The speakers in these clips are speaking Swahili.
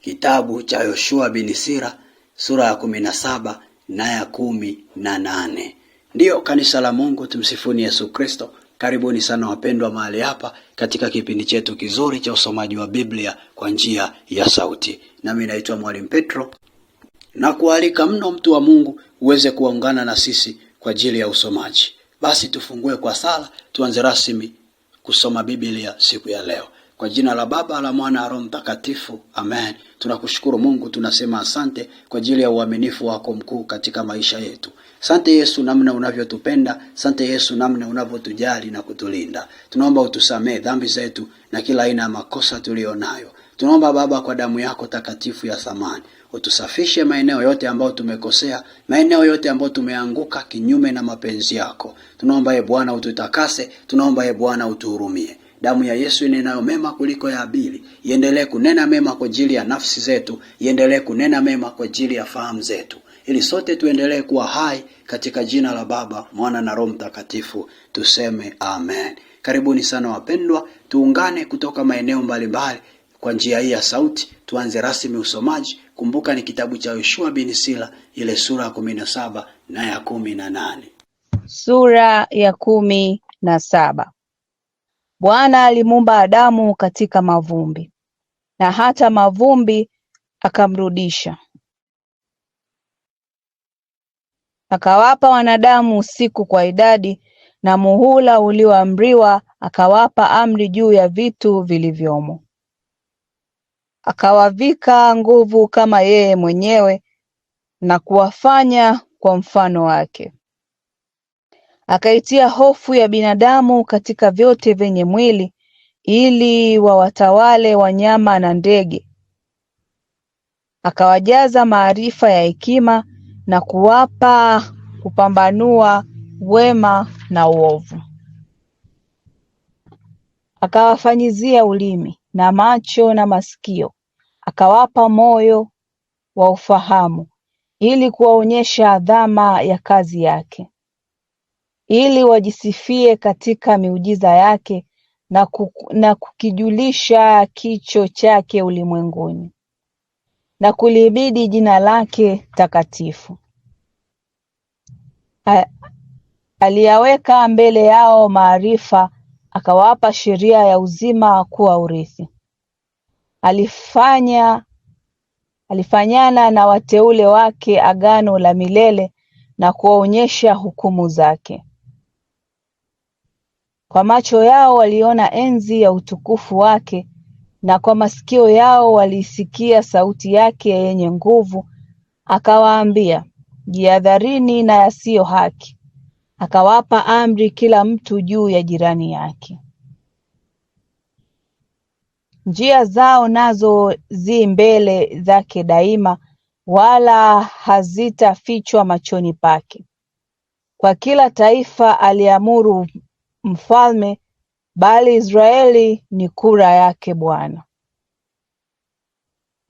Kitabu cha Yoshua bin Sira sura ya kumi na saba na ya kumi na nane. Ndiyo kanisa la Mungu, tumsifuni Yesu Kristo. Karibuni sana wapendwa mahali hapa katika kipindi chetu kizuri cha usomaji wa Biblia kwa njia ya sauti. Nami naitwa Mwalimu Petro na kualika mno mtu wa Mungu uweze kuungana na sisi kwa ajili ya usomaji. Basi tufungue kwa sala, tuanze rasmi kusoma Biblia siku ya leo. Kwa jina la Baba la Mwana Roho Mtakatifu, amen. Tunakushukuru Mungu, tunasema asante kwa ajili ya uaminifu wako mkuu katika maisha yetu. Sante Yesu namna unavyotupenda, sante Yesu namna unavyotujali na kutulinda. Tunaomba utusamee dhambi zetu na kila aina ya makosa tuliyonayo. Tunaomba Baba, kwa damu yako takatifu ya thamani utusafishe maeneo yote ambayo tumekosea, maeneo yote ambayo tumeanguka kinyume na mapenzi yako. Tunaomba ye ee Bwana ututakase, tunaomba ye ee Bwana utuhurumie. Damu ya Yesu inenayo mema kuliko ya abili iendelee kunena mema kwa ajili ya nafsi zetu, iendelee kunena mema kwa ajili ya fahamu zetu, ili sote tuendelee kuwa hai katika jina la Baba, Mwana na Roho Mtakatifu, tuseme amen. Karibuni sana wapendwa, tuungane kutoka maeneo mbalimbali kwa njia hii ya sauti. Tuanze rasmi usomaji. Kumbuka ni kitabu cha Yoshua bin Sila, ile sura ya kumi na saba na ya kumi na nane sura ya kumi na saba. Bwana alimuumba Adamu katika mavumbi, na hata mavumbi akamrudisha. Akawapa wanadamu siku kwa idadi na muhula ulioamriwa, akawapa amri juu ya vitu vilivyomo. Akawavika nguvu kama yeye mwenyewe na kuwafanya kwa mfano wake akaitia hofu ya binadamu katika vyote vyenye mwili ili wawatawale wanyama na ndege, akawajaza maarifa ya hekima na kuwapa kupambanua wema na uovu. Akawafanyizia ulimi na macho na masikio, akawapa moyo wa ufahamu, ili kuwaonyesha adhama ya kazi yake ili wajisifie katika miujiza yake na kukijulisha kicho chake ulimwenguni na kulibidi jina lake takatifu. Aliyaweka mbele yao maarifa, akawapa sheria ya uzima kuwa urithi. Alifanya alifanyana na wateule wake agano la milele na kuwaonyesha hukumu zake. Kwa macho yao waliona enzi ya utukufu wake, na kwa masikio yao waliisikia sauti yake yenye nguvu. Akawaambia, Jihadharini na yasiyo haki, akawapa amri kila mtu juu ya jirani yake. Njia zao nazo zi mbele zake daima, wala hazitafichwa machoni pake. Kwa kila taifa aliamuru mfalme bali Israeli ni kura yake Bwana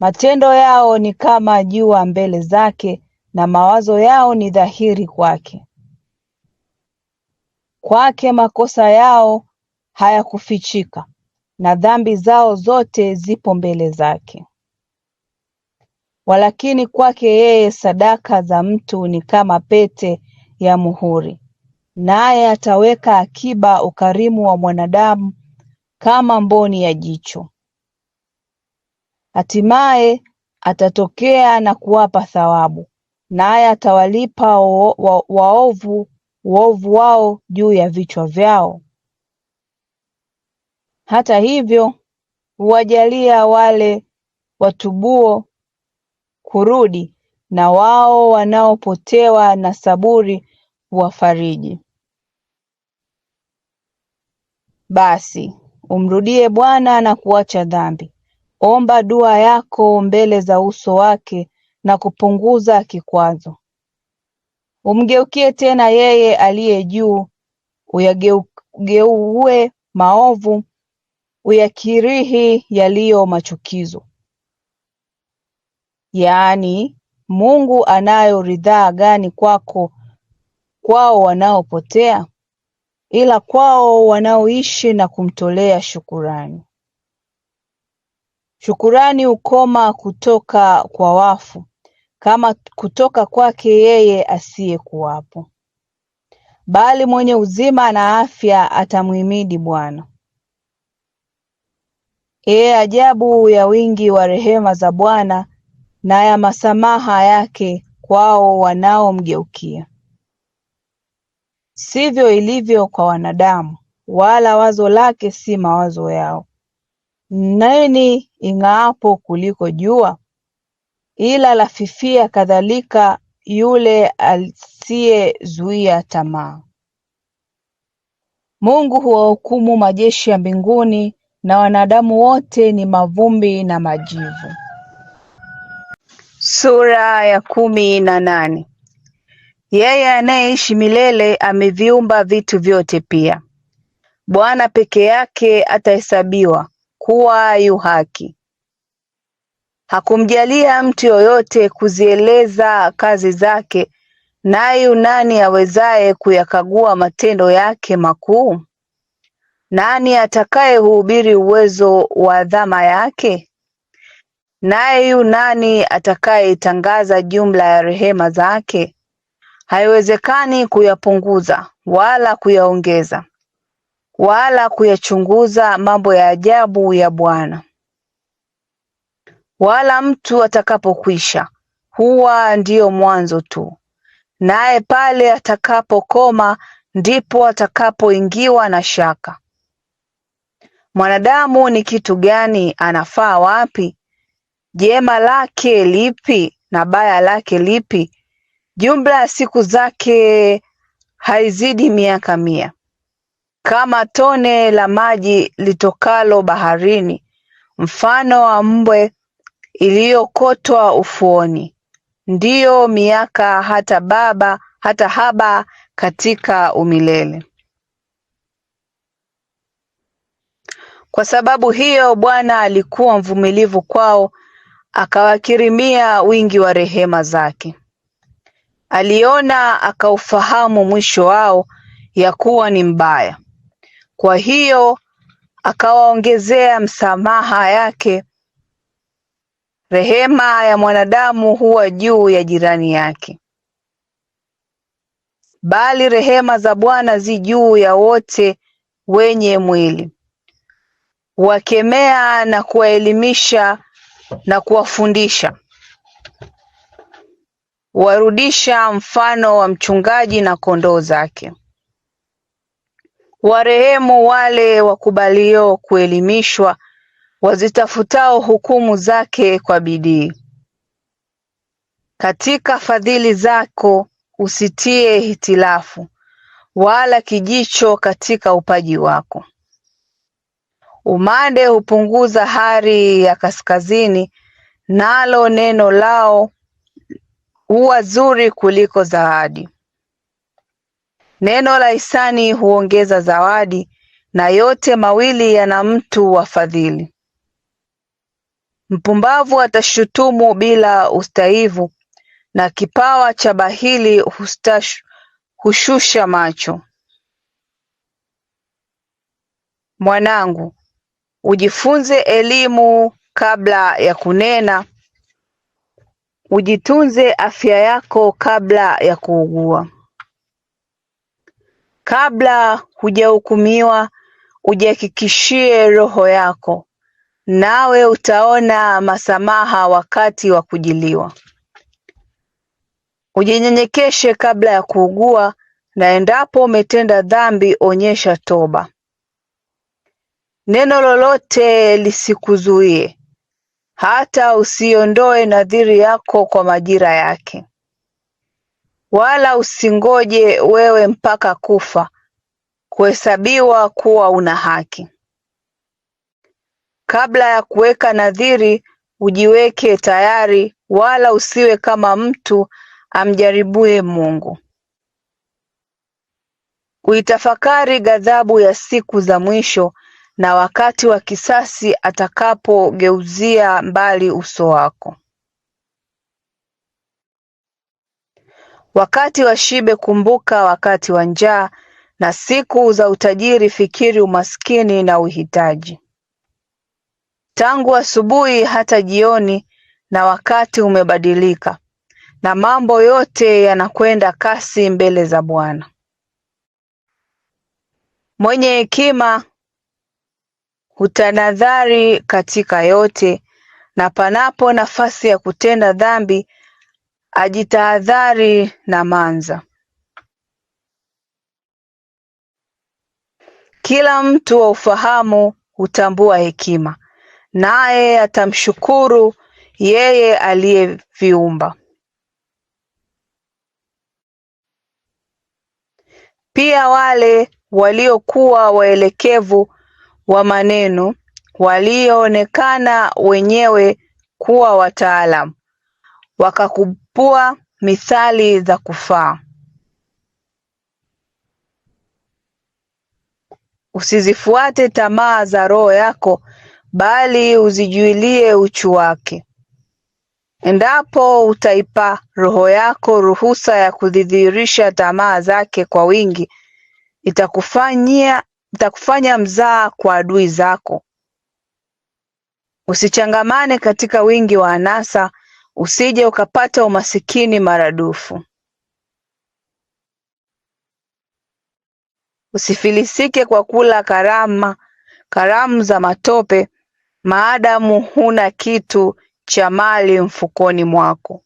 Matendo yao ni kama jua mbele zake, na mawazo yao ni dhahiri kwake. Kwake makosa yao hayakufichika, na dhambi zao zote zipo mbele zake. Walakini kwake yeye sadaka za mtu ni kama pete ya muhuri, naye ataweka akiba ukarimu wa mwanadamu kama mboni ya jicho hatimaye atatokea na kuwapa thawabu, naye atawalipa waovu uovu wao juu ya vichwa vyao. Hata hivyo huwajalia wale watubuo kurudi, na wao wanaopotewa na saburi huwafariji. Basi umrudie Bwana na kuacha dhambi, omba dua yako mbele za uso wake na kupunguza kikwazo. Umgeukie tena yeye aliye juu, uyageue maovu, uyakirihi yaliyo machukizo. Yaani, Mungu anayo ridhaa gani kwako, kwao wanaopotea? ila kwao wanaoishi na kumtolea shukurani shukurani hukoma kutoka kwa wafu kama kutoka kwake yeye asiyekuwapo, bali mwenye uzima na afya atamhimidi Bwana. Ee ajabu ya wingi wa rehema za Bwana na ya masamaha yake kwao wanaomgeukia! Sivyo ilivyo kwa wanadamu, wala wazo lake si mawazo yao. Nini ing'aapo kuliko jua? Ila lafifia; kadhalika yule asiyezuia tamaa. Mungu huwahukumu majeshi ya mbinguni, na wanadamu wote ni mavumbi na majivu. Sura ya kumi na nane. Yeye anayeishi milele ameviumba vitu vyote pia. Bwana peke yake atahesabiwa kuwa yu haki. Hakumjalia mtu yoyote kuzieleza kazi zake, naye yu nani awezaye kuyakagua matendo yake makuu? Nani atakayehubiri uwezo wa dhama yake? Naye yu nani atakayeitangaza jumla ya rehema zake? haiwezekani kuyapunguza wala kuyaongeza wala kuyachunguza mambo ya ajabu ya Bwana. Wala mtu atakapokwisha huwa ndiyo mwanzo tu, naye pale atakapokoma ndipo atakapoingiwa na shaka. Mwanadamu ni kitu gani? Anafaa wapi? Jema lake lipi na baya lake lipi? Jumla ya siku zake haizidi miaka mia. Kama tone la maji litokalo baharini, mfano wa mbwe iliyokotwa ufuoni, ndiyo miaka hata baba hata haba katika umilele. Kwa sababu hiyo Bwana alikuwa mvumilivu kwao, akawakirimia wingi wa rehema zake. Aliona akaufahamu mwisho wao ya kuwa ni mbaya, kwa hiyo akawaongezea msamaha yake. Rehema ya mwanadamu huwa juu ya jirani yake, bali rehema za Bwana zi juu ya wote wenye mwili. Wakemea na kuwaelimisha na kuwafundisha warudisha mfano wa mchungaji na kondoo zake. Warehemu wale wakubalio kuelimishwa, wazitafutao hukumu zake kwa bidii. Katika fadhili zako usitie hitilafu, wala kijicho katika upaji wako. Umande hupunguza hari ya kaskazini, nalo neno lao huwa zuri kuliko zawadi. Neno la hisani huongeza zawadi, na yote mawili yana mtu wa fadhili. Mpumbavu atashutumu bila ustaivu na kipawa cha bahili hustash, hushusha macho. Mwanangu, ujifunze elimu kabla ya kunena, Ujitunze afya yako kabla ya kuugua. Kabla hujahukumiwa, ujihakikishie roho yako, nawe utaona masamaha wakati wa kujiliwa. Ujinyenyekeshe kabla ya kuugua, na endapo umetenda dhambi, onyesha toba. Neno lolote lisikuzuie hata usiondoe nadhiri yako kwa majira yake, wala usingoje wewe mpaka kufa kuhesabiwa kuwa una haki. Kabla ya kuweka nadhiri, ujiweke tayari, wala usiwe kama mtu amjaribuye Mungu. Uitafakari ghadhabu ya siku za mwisho na wakati wa kisasi atakapogeuzia mbali uso wako. Wakati wa shibe kumbuka wakati wa njaa, na siku za utajiri fikiri umaskini na uhitaji. Tangu asubuhi hata jioni, na wakati umebadilika, na mambo yote yanakwenda kasi mbele za Bwana. Mwenye hekima hutanadhari katika yote, na panapo nafasi ya kutenda dhambi ajitahadhari na manza. Kila mtu wa ufahamu hutambua hekima, naye atamshukuru yeye aliyeviumba. Pia wale waliokuwa waelekevu wa maneno walioonekana wenyewe kuwa wataalamu, wakakupua mithali za kufaa Usizifuate tamaa za roho yako, bali uzijuilie uchu wake. Endapo utaipa roho yako ruhusa ya kudhihirisha tamaa zake kwa wingi, itakufanyia Mtakufanya mzaa kwa adui zako. Usichangamane katika wingi wa anasa, usije ukapata umasikini maradufu. Usifilisike kwa kula karama karamu za matope, maadamu huna kitu cha mali mfukoni mwako.